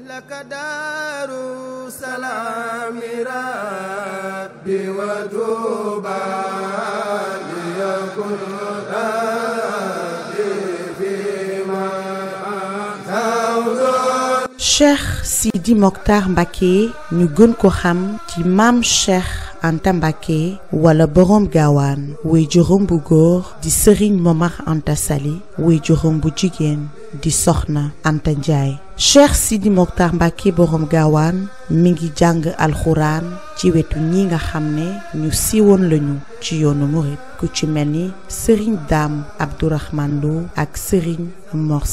laka daaru salaami rabbi wa Sidi Mokhtar Mbacké ñu gën ko xam ci maam Cheikh Anta Mbacké wala borom gaawaan way juróom bu góor di Serigne Momar Anta Sali way juróom bu jigéen di Soxna Anta Ndiaye cheikh sidi moktar mbàkke borom gaawaan mu ngi jàng alxuraan ci wetu ñi nga xam ne ñu siiwoon lañu ci yoonu murit ku ci mel ni sëriñ daam abdourahman lo ak sëriñ mor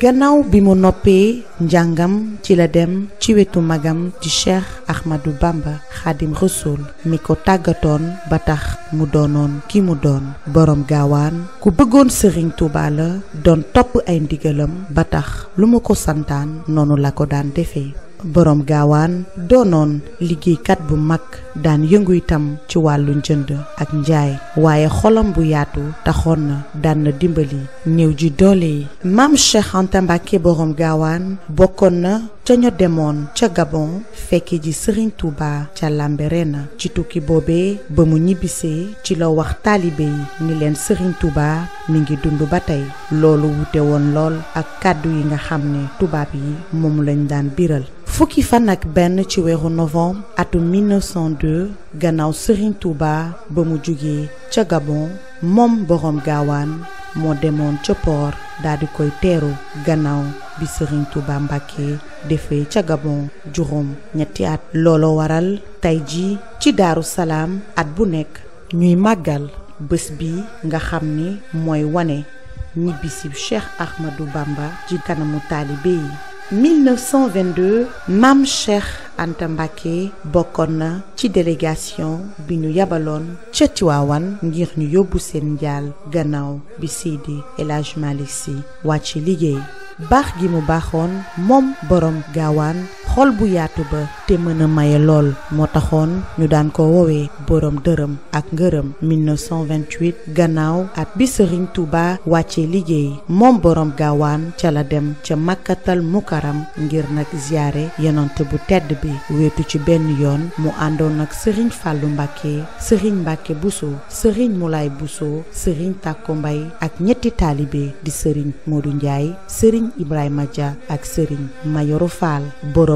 gannaaw bi mu noppee njàngam ci la dem ci wetu magam di cheikh ahmadou bamba xaadim rasul mi ko tàggatoon ba tax mu doonoon ki mu doon boroom gaawaan ku bëggoon sëriñ tuuba doon topp ay ndigalam ba tax lu mu ko santaan noonu la ko daan defee boroom gaawaan doonoon liggéeykat bu mag daan yëngu itam ci wàllu njënd ak njaay waaye xolam bu yaatu taxoon na daan dimbali néew ji doole yi maam Cheikh Anta boroom gaawaan bokkoon na ca ña demoon ca Gabon fekk ji sëriñ Touba ca na ci tukki boobee ba mu ñibbisee ci la wax taalibe yi ni leen Serigne Touba mi ngi dund ba tey loolu wute woon lool ak kàddu yi nga xam ne tubaab yi moom lañ daan biral fukki fan ak benn ci weeru novembre atum 1902 gannaaw Serigne Touba ba mu jugee ca Gabon moom borom gaawaan moo demoon ca port daal koy teeru gannaaw bi Serigne Touba Mbacké defee ca Gabon juróom ñetti at looloo waral tey ji ci Daaru Salaam at bu nekk ñuy màggal bés bi nga xam ni mooy wane ñibbisi Cheikh Ahmadou Bamba ci kanamu taalibe yi 1922 maam Cheikh Anta Mbacké bokkoon na ci délégation bi ñu yabaloon ca Tiwaawan ngir ñu yóbbu seen njaal gannaaw bi Seydi El Hadji Malick liggéey gi mu Gimubakhon, Mom Borom Gawan, xol bu yaatu ba te mën a maye lool moo taxoon ñu daan ko woowee borom dërëm ak ngërëm 1928 gannaaw at bi Sëriñ Tuuba wàccee liggéey moom boroom gaawaan ca la dem ca màkkatal mukaram ngir nag ziyaare yonante bu tedd bi wéetu ci benn yoon mu àndoon ak Sëriñ Fàllu Mbàkke Sëriñ Mbàkke Buso Sëriñ Mulaay Buso Sëriñ Tàkko Mbay ak ñetti taalibe di Sëriñ du Njaay Sëriñ Ibrahima Dia ak Sëriñ Mayoro Fall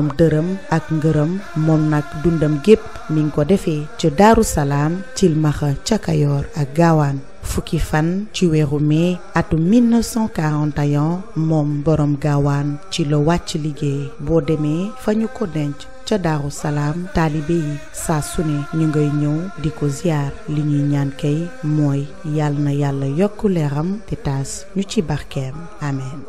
am dërëm ak ngërëm moom nag dundam gépp mi ngi ko defee ca Daaru Salaam Cilmaxa ca Kayoor ak Gaawaan fukki fan ci weeru mai atum 1941 moom boroom Gaawaan ci la wàcc liggéey boo demee fa ñu ko denc ca daaru salaam taalibe yi saa su ñu ngay ñëw di ko ziar liñuy ñuy ñaan kay mooy yàll na yàlla yokk leeram te taas ñu ci barkeem amen